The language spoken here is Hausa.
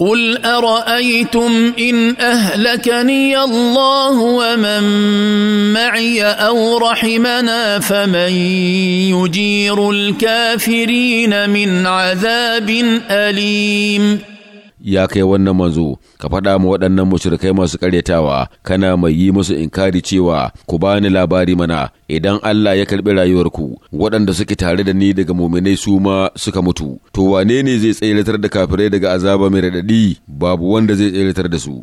قل ارايتم ان اهلكني الله ومن معي او رحمنا فمن يجير الكافرين من عذاب اليم ya kai wannan manzo ka faɗa ma waɗannan mushrikai masu karyatawa kana mai yi musu inkari cewa ku bani labari mana idan Allah ya karɓi rayuwarku waɗanda suke tare da ni daga muminai su ma suka mutu to wane ne zai tsayyatar da kafirai daga azaba mai raɗaɗi babu wanda zai tsayyatar da su